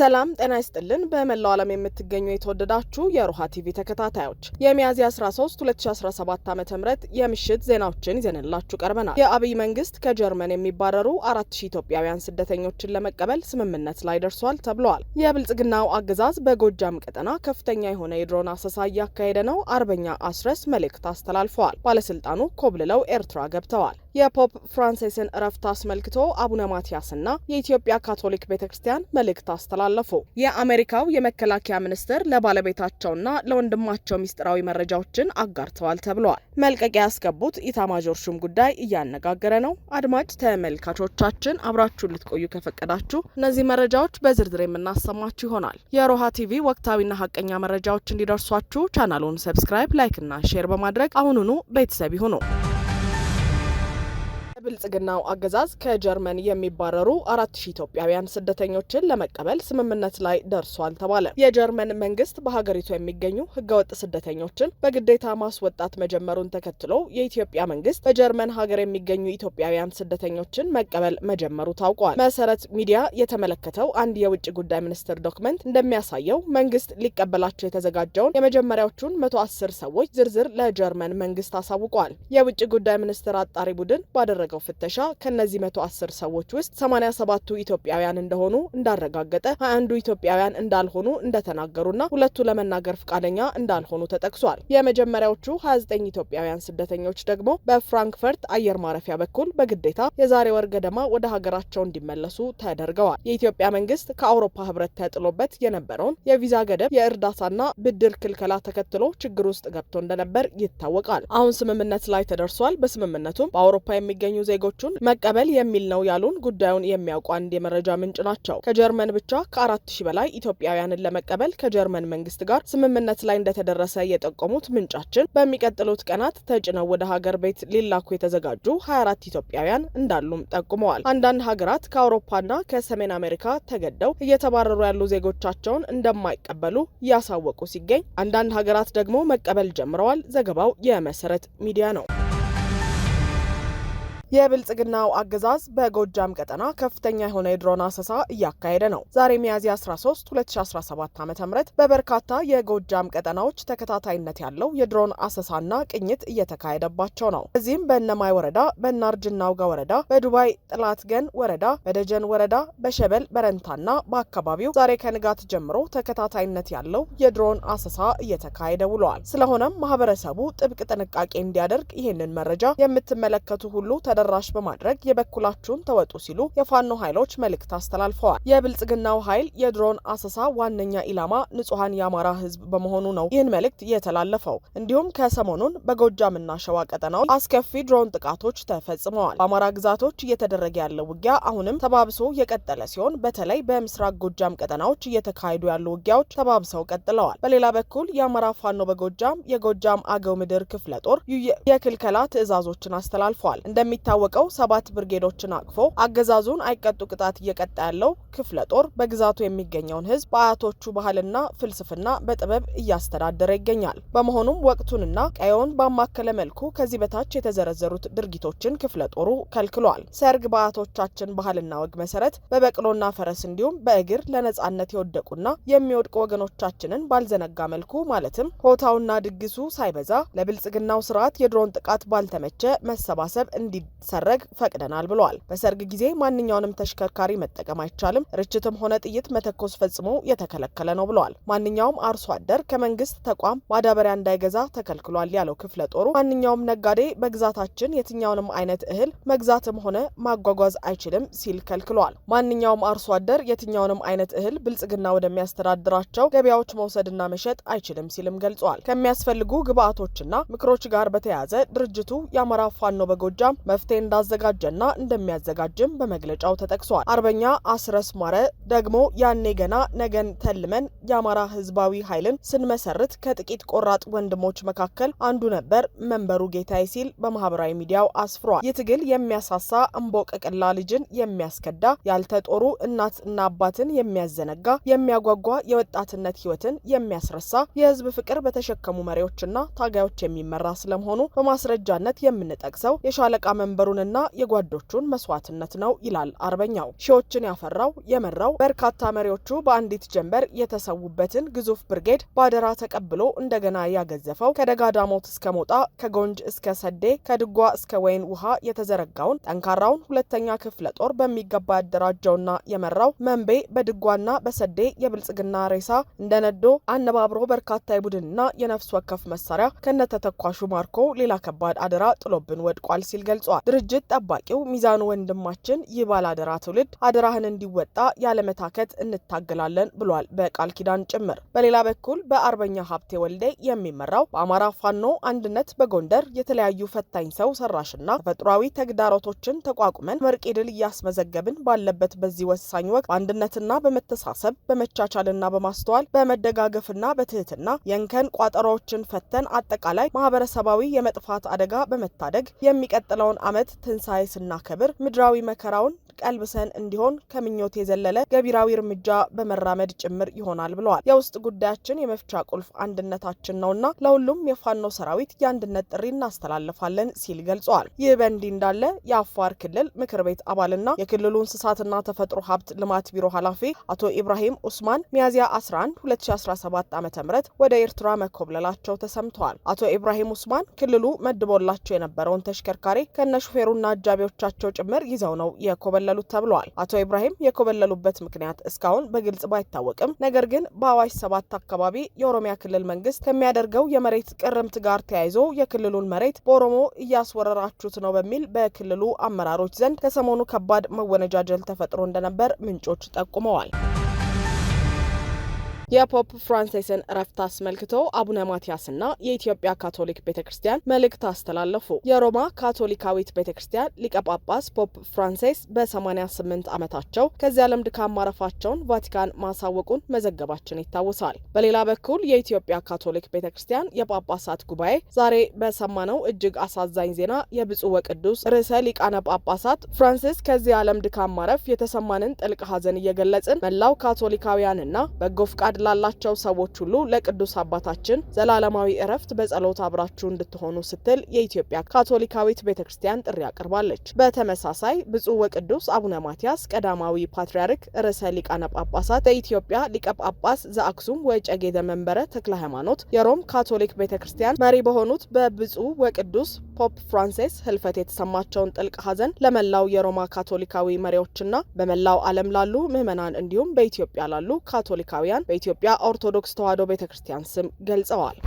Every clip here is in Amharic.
ሰላም ጤና ይስጥልን። በመላው ዓለም የምትገኙ የተወደዳችሁ የሮሃ ቲቪ ተከታታዮች የሚያዝያ 13 2017 ዓ ም የምሽት ዜናዎችን ይዘንላችሁ ቀርበናል። የአብይ መንግስት ከጀርመን የሚባረሩ 4000 ኢትዮጵያውያን ስደተኞችን ለመቀበል ስምምነት ላይ ደርሷል ተብለዋል። የብልጽግናው አገዛዝ በጎጃም ቀጠና ከፍተኛ የሆነ የድሮን አሰሳ እያካሄደ ነው። አርበኛ አስረስ መልእክት አስተላልፈዋል። ባለስልጣኑ ኮብልለው ኤርትራ ገብተዋል። የፖፕ ፍራንሲስን እረፍት አስመልክቶ አቡነ ማቲያስና የኢትዮጵያ ካቶሊክ ቤተ ክርስቲያን መልእክት አስተላለፉ። የአሜሪካው የመከላከያ ሚኒስትር ለባለቤታቸውና ለወንድማቸው ሚስጥራዊ መረጃዎችን አጋርተዋል ተብለዋል። መልቀቂያ ያስገቡት ኢታማዦር ሹም ጉዳይ እያነጋገረ ነው። አድማጭ ተመልካቾቻችን አብራችሁን ልትቆዩ ከፈቀዳችሁ እነዚህ መረጃዎች በዝርዝር የምናሰማችሁ ይሆናል። የሮሃ ቲቪ ወቅታዊና ሀቀኛ መረጃዎች እንዲደርሷችሁ ቻናሉን ሰብስክራይብ፣ ላይክና ሼር በማድረግ አሁኑኑ ቤተሰብ ይሁኑ። የብልጽግናው አገዛዝ ከጀርመን የሚባረሩ አራት ሺ ኢትዮጵያውያን ስደተኞችን ለመቀበል ስምምነት ላይ ደርሷል ተባለ። የጀርመን መንግስት በሀገሪቱ የሚገኙ ህገወጥ ስደተኞችን በግዴታ ማስወጣት መጀመሩን ተከትሎ የኢትዮጵያ መንግስት በጀርመን ሀገር የሚገኙ ኢትዮጵያውያን ስደተኞችን መቀበል መጀመሩ ታውቋል። መሰረት ሚዲያ የተመለከተው አንድ የውጭ ጉዳይ ሚኒስትር ዶክመንት እንደሚያሳየው መንግስት ሊቀበላቸው የተዘጋጀውን የመጀመሪያዎቹን መቶ አስር ሰዎች ዝርዝር ለጀርመን መንግስት አሳውቋል። የውጭ ጉዳይ ሚኒስትር አጣሪ ቡድን ባደረገ ባደረገው ፍተሻ ከእነዚህ መቶ አስር ሰዎች ውስጥ ሰማኒያ ሰባቱ ኢትዮጵያውያን እንደሆኑ እንዳረጋገጠ ሀያ አንዱ ኢትዮጵያውያን እንዳልሆኑ እንደተናገሩና ሁለቱ ለመናገር ፈቃደኛ እንዳልሆኑ ተጠቅሷል። የመጀመሪያዎቹ ሀያ ዘጠኝ ኢትዮጵያውያን ስደተኞች ደግሞ በፍራንክፈርት አየር ማረፊያ በኩል በግዴታ የዛሬ ወር ገደማ ወደ ሀገራቸው እንዲመለሱ ተደርገዋል። የኢትዮጵያ መንግስት ከአውሮፓ ህብረት ተጥሎበት የነበረውን የቪዛ ገደብ የእርዳታና ብድር ክልከላ ተከትሎ ችግር ውስጥ ገብቶ እንደነበር ይታወቃል። አሁን ስምምነት ላይ ተደርሷል። በስምምነቱም በአውሮፓ የሚገኙ የሚገኙ ዜጎቹን መቀበል የሚል ነው ያሉን ጉዳዩን የሚያውቁ አንድ የመረጃ ምንጭ ናቸው። ከጀርመን ብቻ ከአራት ሺህ በላይ ኢትዮጵያውያንን ለመቀበል ከጀርመን መንግስት ጋር ስምምነት ላይ እንደተደረሰ የጠቆሙት ምንጫችን በሚቀጥሉት ቀናት ተጭነው ወደ ሀገር ቤት ሊላኩ የተዘጋጁ 24 ኢትዮጵያውያን እንዳሉም ጠቁመዋል። አንዳንድ ሀገራት ከአውሮፓና ከሰሜን አሜሪካ ተገደው እየተባረሩ ያሉ ዜጎቻቸውን እንደማይቀበሉ እያሳወቁ ሲገኝ አንዳንድ ሀገራት ደግሞ መቀበል ጀምረዋል። ዘገባው የመሰረት ሚዲያ ነው። የብልጽግናው አገዛዝ በጎጃም ቀጠና ከፍተኛ የሆነ የድሮን አሰሳ እያካሄደ ነው። ዛሬ ሚያዝያ 13 2017 ዓ ም በበርካታ የጎጃም ቀጠናዎች ተከታታይነት ያለው የድሮን አሰሳና ቅኝት እየተካሄደባቸው ነው። በዚህም በእነማይ ወረዳ፣ በእናርጅናውጋ ወረዳ፣ በዱባይ ጥላት ገን ወረዳ፣ በደጀን ወረዳ፣ በሸበል በረንታና በአካባቢው ዛሬ ከንጋት ጀምሮ ተከታታይነት ያለው የድሮን አሰሳ እየተካሄደ ውለዋል። ስለሆነም ማህበረሰቡ ጥብቅ ጥንቃቄ እንዲያደርግ ይህንን መረጃ የምትመለከቱ ሁሉ ተደራሽ በማድረግ የበኩላችሁን ተወጡ ሲሉ የፋኖ ኃይሎች መልእክት አስተላልፈዋል። የብልጽግናው ኃይል የድሮን አሰሳ ዋነኛ ኢላማ ንጹሐን የአማራ ህዝብ በመሆኑ ነው ይህን መልእክት የተላለፈው። እንዲሁም ከሰሞኑን በጎጃምና ሸዋ ቀጠናው አስከፊ ድሮን ጥቃቶች ተፈጽመዋል። በአማራ ግዛቶች እየተደረገ ያለው ውጊያ አሁንም ተባብሶ የቀጠለ ሲሆን በተለይ በምስራቅ ጎጃም ቀጠናዎች እየተካሄዱ ያሉ ውጊያዎች ተባብሰው ቀጥለዋል። በሌላ በኩል የአማራ ፋኖ በጎጃም የጎጃም አገው ምድር ክፍለ ጦር የክልከላ ትዕዛዞችን አስተላልፈዋል። እንደሚታ እንደሚታወቀው ሰባት ብርጌዶችን አቅፎ አገዛዙን አይቀጡ ቅጣት እየቀጣ ያለው ክፍለ ጦር በግዛቱ የሚገኘውን ህዝብ በአያቶቹ ባህልና ፍልስፍና በጥበብ እያስተዳደረ ይገኛል። በመሆኑም ወቅቱንና ቀየውን ባማከለ መልኩ ከዚህ በታች የተዘረዘሩት ድርጊቶችን ክፍለ ጦሩ ከልክሏል። ሰርግ በአያቶቻችን ባህልና ወግ መሰረት በበቅሎና ፈረስ እንዲሁም በእግር ለነጻነት የወደቁና የሚወድቁ ወገኖቻችንን ባልዘነጋ መልኩ ማለትም ሆታውና ድግሱ ሳይበዛ ለብልጽግናው ስርዓት የድሮን ጥቃት ባልተመቸ መሰባሰብ እንዲ ሰረግ ፈቅደናል ብለዋል። በሰርግ ጊዜ ማንኛውንም ተሽከርካሪ መጠቀም አይቻልም። ርችትም ሆነ ጥይት መተኮስ ፈጽሞ የተከለከለ ነው ብለዋል። ማንኛውም አርሶ አደር ከመንግስት ተቋም ማዳበሪያ እንዳይገዛ ተከልክሏል ያለው ክፍለ ጦሩ ማንኛውም ነጋዴ በግዛታችን የትኛውንም አይነት እህል መግዛትም ሆነ ማጓጓዝ አይችልም ሲል ከልክሏል። ማንኛውም አርሶ አደር የትኛውንም አይነት እህል ብልጽግና ወደሚያስተዳድራቸው ገበያዎች መውሰድና መሸጥ አይችልም ሲልም ገልጿል። ከሚያስፈልጉ ግብአቶችና ምክሮች ጋር በተያያዘ ድርጅቱ የአማራ ፋኖ በጎጃም መፍት ኮሚቴ እንዳዘጋጀና እንደሚያዘጋጅም በመግለጫው ተጠቅሷል። አርበኛ አስረስ ማረ ደግሞ ያኔ ገና ነገን ተልመን የአማራ ህዝባዊ ኃይልን ስንመሰርት ከጥቂት ቆራጥ ወንድሞች መካከል አንዱ ነበር መንበሩ ጌታዬ ሲል በማህበራዊ ሚዲያው አስፍሯል። ይህ ትግል የሚያሳሳ እምቦቀቅላ ልጅን የሚያስከዳ ያልተጦሩ እናት እና አባትን የሚያዘነጋ የሚያጓጓ የወጣትነት ህይወትን የሚያስረሳ የህዝብ ፍቅር በተሸከሙ መሪዎችና ታጋዮች የሚመራ ስለመሆኑ በማስረጃነት የምንጠቅሰው የሻለቃ መንበ የማህበሩንና የጓዶቹን መስዋዕትነት ነው ይላል አርበኛው። ሺዎችን ያፈራው የመራው በርካታ መሪዎቹ በአንዲት ጀንበር የተሰዉበትን ግዙፍ ብርጌድ በአደራ ተቀብሎ እንደገና ያገዘፈው ከደጋዳሞት እስከ ሞጣ፣ ከጎንጅ እስከ ሰዴ፣ ከድጓ እስከ ወይን ውሃ የተዘረጋውን ጠንካራውን ሁለተኛ ክፍለ ጦር በሚገባ ያደራጀውና የመራው መንቤ በድጓና በሰዴ የብልጽግና ሬሳ እንደነዶ አነባብሮ በርካታ የቡድንና የነፍስ ወከፍ መሳሪያ ከነተተኳሹ ማርኮ ሌላ ከባድ አደራ ጥሎብን ወድቋል ሲል ገልጿል። ድርጅት ጠባቂው ሚዛኑ ወንድማችን ይህ ባላደራ ትውልድ አደራህን እንዲወጣ ያለመታከት እንታገላለን ብሏል። በቃል ኪዳን ጭምር። በሌላ በኩል በአርበኛ ሀብቴ ወልዴ የሚመራው በአማራ ፋኖ አንድነት በጎንደር የተለያዩ ፈታኝ ሰው ሰራሽና ተፈጥሯዊ ተግዳሮቶችን ተቋቁመን መርቂ ድል እያስመዘገብን ባለበት በዚህ ወሳኝ ወቅት በአንድነትና በመተሳሰብ በመቻቻልና በማስተዋል በመደጋገፍና በትህትና የእንከን ቋጠሮዎችን ፈተን አጠቃላይ ማህበረሰባዊ የመጥፋት አደጋ በመታደግ የሚቀጥለውን ዓመት ዓመት ትንሣኤ ስናከብር ምድራዊ መከራውን ቀልብሰን እንዲሆን ከምኞት የዘለለ ገቢራዊ እርምጃ በመራመድ ጭምር ይሆናል ብለዋል። የውስጥ ጉዳያችን የመፍቻ ቁልፍ አንድነታችን ነውና ለሁሉም የፋኖ ሰራዊት የአንድነት ጥሪ እናስተላልፋለን ሲል ገልጸዋል። ይህ በእንዲህ እንዳለ የአፋር ክልል ምክር ቤት አባልና የክልሉ እንስሳትና ተፈጥሮ ሀብት ልማት ቢሮ ኃላፊ አቶ ኢብራሂም ኡስማን ሚያዝያ 11 2017 ዓ ም ወደ ኤርትራ መኮብለላቸው ተሰምተዋል። አቶ ኢብራሂም ኡስማን ክልሉ መድቦላቸው የነበረውን ተሽከርካሪ ከነ ሹፌሩና አጃቢዎቻቸው ጭምር ይዘው ነው የኮበለ የኮበለሉት ተብለዋል። አቶ ኢብራሂም የኮበለሉበት ምክንያት እስካሁን በግልጽ ባይታወቅም ነገር ግን በአዋሽ ሰባት አካባቢ የኦሮሚያ ክልል መንግስት ከሚያደርገው የመሬት ቅርምት ጋር ተያይዞ የክልሉን መሬት በኦሮሞ እያስወረራችሁት ነው በሚል በክልሉ አመራሮች ዘንድ ከሰሞኑ ከባድ መወነጃጀል ተፈጥሮ እንደነበር ምንጮች ጠቁመዋል። የፖፕ ፍራንሲስን እረፍት አስመልክቶ አቡነ ማቲያስና የኢትዮጵያ ካቶሊክ ቤተ ክርስቲያን መልእክት አስተላለፉ። የሮማ ካቶሊካዊት ቤተ ክርስቲያን ሊቀ ጳጳስ ፖፕ ፍራንሲስ በ88 ዓመታቸው ከዚህ ዓለም ድካም ማረፋቸውን ቫቲካን ማሳወቁን መዘገባችን ይታወሳል። በሌላ በኩል የኢትዮጵያ ካቶሊክ ቤተ ክርስቲያን የጳጳሳት ጉባኤ ዛሬ በሰማነው እጅግ አሳዛኝ ዜና የብፁዕ ወቅዱስ ርዕሰ ሊቃነ ጳጳሳት ፍራንሲስ ከዚህ ዓለም ድካም ማረፍ የተሰማንን ጥልቅ ሐዘን እየገለጽን መላው ካቶሊካውያንና በጎ ፍቃድ ላላቸው ሰዎች ሁሉ ለቅዱስ አባታችን ዘላለማዊ እረፍት በጸሎት አብራችሁ እንድትሆኑ ስትል የኢትዮጵያ ካቶሊካዊት ቤተ ክርስቲያን ጥሪ አቅርባለች። በተመሳሳይ ብፁዕ ወቅዱስ አቡነ ማትያስ ቀዳማዊ ፓትርያርክ ርዕሰ ሊቃነ ጳጳሳት በኢትዮጵያ ሊቀ ጳጳስ ዘአክሱም ወጨጌ ዘመንበረ ተክለ ሃይማኖት የሮም ካቶሊክ ቤተ ክርስቲያን መሪ በሆኑት በብፁዕ ወቅዱስ ፖፕ ፍራንሲስ ህልፈት የተሰማቸውን ጥልቅ ሐዘን ለመላው የሮማ ካቶሊካዊ መሪዎችና በመላው ዓለም ላሉ ምዕመናን እንዲሁም በኢትዮጵያ ላሉ ካቶሊካውያን በኢትዮጵያ ኦርቶዶክስ ተዋሕዶ ቤተ ክርስቲያን ስም ገልጸዋል።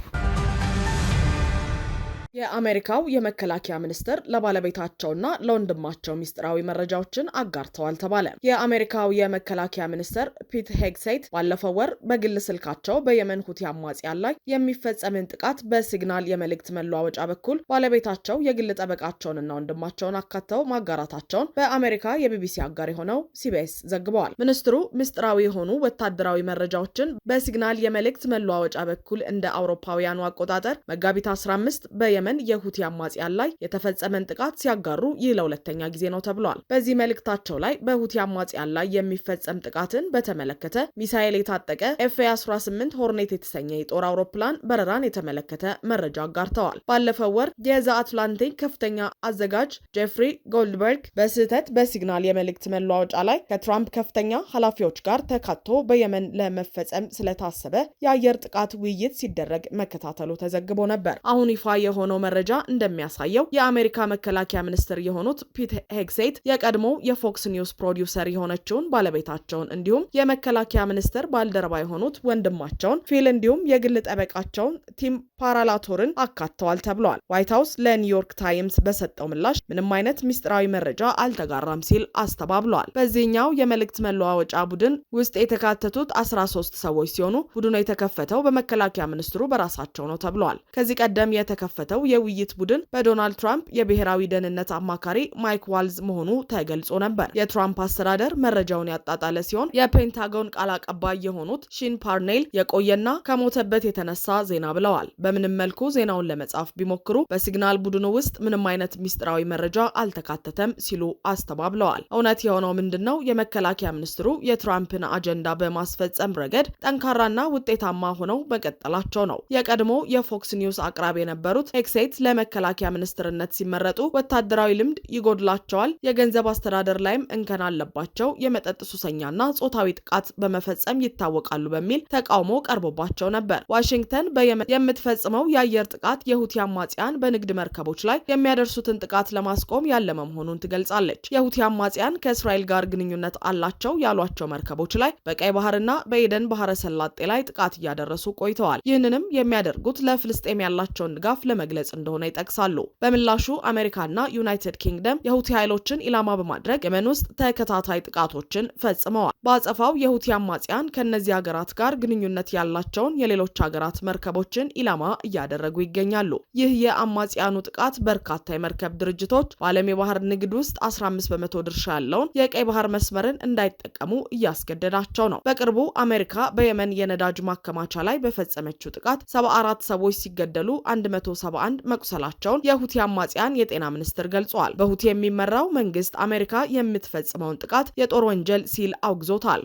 የአሜሪካው የመከላከያ ሚኒስትር ለባለቤታቸውና ለወንድማቸው ሚስጥራዊ መረጃዎችን አጋርተዋል ተባለ። የአሜሪካው የመከላከያ ሚኒስትር ፒት ሄግሴት ባለፈው ወር በግል ስልካቸው በየመን ሁቲ አማጽያን ላይ የሚፈጸምን ጥቃት በሲግናል የመልእክት መለዋወጫ በኩል ባለቤታቸው የግል ጠበቃቸውንና ወንድማቸውን አካተው ማጋራታቸውን በአሜሪካ የቢቢሲ አጋር የሆነው ሲቢኤስ ዘግበዋል። ሚኒስትሩ ምስጢራዊ የሆኑ ወታደራዊ መረጃዎችን በሲግናል የመልእክት መለዋወጫ በኩል እንደ አውሮፓውያኑ አቆጣጠር መጋቢት 15 በየ በየመን የሁቲ አማጽያን ላይ የተፈጸመን ጥቃት ሲያጋሩ ይህ ለሁለተኛ ጊዜ ነው ተብሏል። በዚህ መልእክታቸው ላይ በሁቲ አማጽያን ላይ የሚፈጸም ጥቃትን በተመለከተ ሚሳኤል የታጠቀ ኤፍኤ 18 ሆርኔት የተሰኘ የጦር አውሮፕላን በረራን የተመለከተ መረጃ አጋርተዋል። ባለፈው ወር የዛ አትላንቲክ ከፍተኛ አዘጋጅ ጄፍሪ ጎልድበርግ በስህተት በሲግናል የመልእክት መለዋወጫ ላይ ከትራምፕ ከፍተኛ ኃላፊዎች ጋር ተካቶ በየመን ለመፈጸም ስለታሰበ የአየር ጥቃት ውይይት ሲደረግ መከታተሉ ተዘግቦ ነበር። አሁን ይፋ የሆነው የሆነው መረጃ እንደሚያሳየው የአሜሪካ መከላከያ ሚኒስትር የሆኑት ፒት ሄግሴት የቀድሞ የፎክስ ኒውስ ፕሮዲውሰር የሆነችውን ባለቤታቸውን እንዲሁም የመከላከያ ሚኒስትር ባልደረባ የሆኑት ወንድማቸውን ፊል እንዲሁም የግል ጠበቃቸውን ቲም ፓራላቶርን አካተዋል ተብሏል። ዋይት ሀውስ ለኒውዮርክ ታይምስ በሰጠው ምላሽ ምንም አይነት ሚስጥራዊ መረጃ አልተጋራም ሲል አስተባብሏል። በዚህኛው የመልእክት መለዋወጫ ቡድን ውስጥ የተካተቱት 13 ሰዎች ሲሆኑ ቡድኑ የተከፈተው በመከላከያ ሚኒስትሩ በራሳቸው ነው ተብሏል። ከዚህ ቀደም የተከፈተው የውይይት ቡድን በዶናልድ ትራምፕ የብሔራዊ ደህንነት አማካሪ ማይክ ዋልዝ መሆኑ ተገልጾ ነበር። የትራምፕ አስተዳደር መረጃውን ያጣጣለ ሲሆን የፔንታጎን ቃል አቀባይ የሆኑት ሺን ፓርኔል የቆየና ከሞተበት የተነሳ ዜና ብለዋል። በምንም መልኩ ዜናውን ለመጻፍ ቢሞክሩ በሲግናል ቡድኑ ውስጥ ምንም አይነት ሚስጥራዊ መረጃ አልተካተተም ሲሉ አስተባብለዋል። እውነት የሆነው ምንድን ነው? የመከላከያ ሚኒስትሩ የትራምፕን አጀንዳ በማስፈጸም ረገድ ጠንካራና ውጤታማ ሆነው መቀጠላቸው ነው። የቀድሞ የፎክስ ኒውስ አቅራቢ የነበሩት ኤክስ ሴት ለመከላከያ ሚኒስትርነት ሲመረጡ ወታደራዊ ልምድ ይጎድላቸዋል፣ የገንዘብ አስተዳደር ላይም እንከን አለባቸው፣ የመጠጥ ሱሰኛና ጾታዊ ጥቃት በመፈጸም ይታወቃሉ በሚል ተቃውሞ ቀርቦባቸው ነበር። ዋሽንግተን በየመን የምትፈጽመው የአየር ጥቃት የሁቲ አማጽያን በንግድ መርከቦች ላይ የሚያደርሱትን ጥቃት ለማስቆም ያለመ መሆኑን ትገልጻለች። የሁቲ አማጽያን ከእስራኤል ጋር ግንኙነት አላቸው ያሏቸው መርከቦች ላይ በቀይ ባህርና በኤደን ባህረ ሰላጤ ላይ ጥቃት እያደረሱ ቆይተዋል። ይህንንም የሚያደርጉት ለፍልስጤም ያላቸውን ድጋፍ ለመግለጽ መግለጽ እንደሆነ ይጠቅሳሉ። በምላሹ አሜሪካና ዩናይትድ ኪንግደም የሁቲ ኃይሎችን ኢላማ በማድረግ የመን ውስጥ ተከታታይ ጥቃቶችን ፈጽመዋል። በአጸፋው የሁቲ አማጽያን ከእነዚህ ሀገራት ጋር ግንኙነት ያላቸውን የሌሎች ሀገራት መርከቦችን ኢላማ እያደረጉ ይገኛሉ። ይህ የአማጽያኑ ጥቃት በርካታ የመርከብ ድርጅቶች በዓለም የባህር ንግድ ውስጥ 15 በመቶ ድርሻ ያለውን የቀይ ባህር መስመርን እንዳይጠቀሙ እያስገደዳቸው ነው። በቅርቡ አሜሪካ በየመን የነዳጅ ማከማቻ ላይ በፈጸመችው ጥቃት 74 ሰዎች ሲገደሉ 171 አንድ መቁሰላቸውን የሁቲ አማጽያን የጤና ሚኒስትር ገልጿል። በሁቲ የሚመራው መንግስት አሜሪካ የምትፈጽመውን ጥቃት የጦር ወንጀል ሲል አውግዞታል።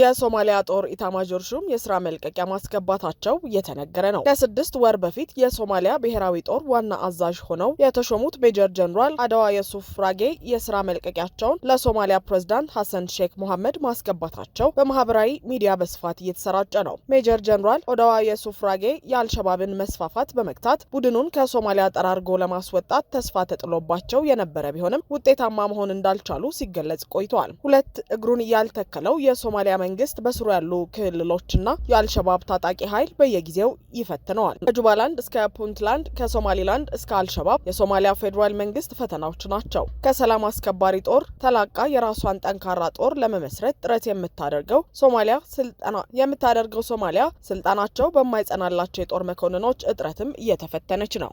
የሶማሊያ ጦር ኢታማዦር ሹም የስራ መልቀቂያ ማስገባታቸው እየተነገረ ነው። ከስድስት ወር በፊት የሶማሊያ ብሔራዊ ጦር ዋና አዛዥ ሆነው የተሾሙት ሜጀር ጀኔራል አደዋ የሱፍ ራጌ የስራ መልቀቂያቸውን ለሶማሊያ ፕሬዝዳንት ሐሰን ሼክ ሙሐመድ ማስገባታቸው በማህበራዊ ሚዲያ በስፋት እየተሰራጨ ነው። ሜጀር ጀኔራል ኦደዋ የሱፍ ራጌ የአልሸባብን መስፋፋት በመግታት ቡድኑን ከሶማሊያ ጠራርጎ ለማስወጣት ተስፋ ተጥሎባቸው የነበረ ቢሆንም ውጤታማ መሆን እንዳልቻሉ ሲገለጽ ቆይተዋል። ሁለት እግሩን ያልተከለው የሶማሊያ መንግስት በስሩ ያሉ ክልሎችና የአልሸባብ ታጣቂ ኃይል በየጊዜው ይፈትነዋል። ከጁባላንድ እስከ ፑንትላንድ፣ ከሶማሊላንድ እስከ አልሸባብ የሶማሊያ ፌዴራል መንግስት ፈተናዎች ናቸው። ከሰላም አስከባሪ ጦር ተላቃ የራሷን ጠንካራ ጦር ለመመስረት ጥረት የምታደርገው ሶማሊያ ስልጠና የምታደርገው ሶማሊያ ስልጣናቸው በማይጸናላቸው የጦር መኮንኖች እጥረትም እየተፈተነች ነው።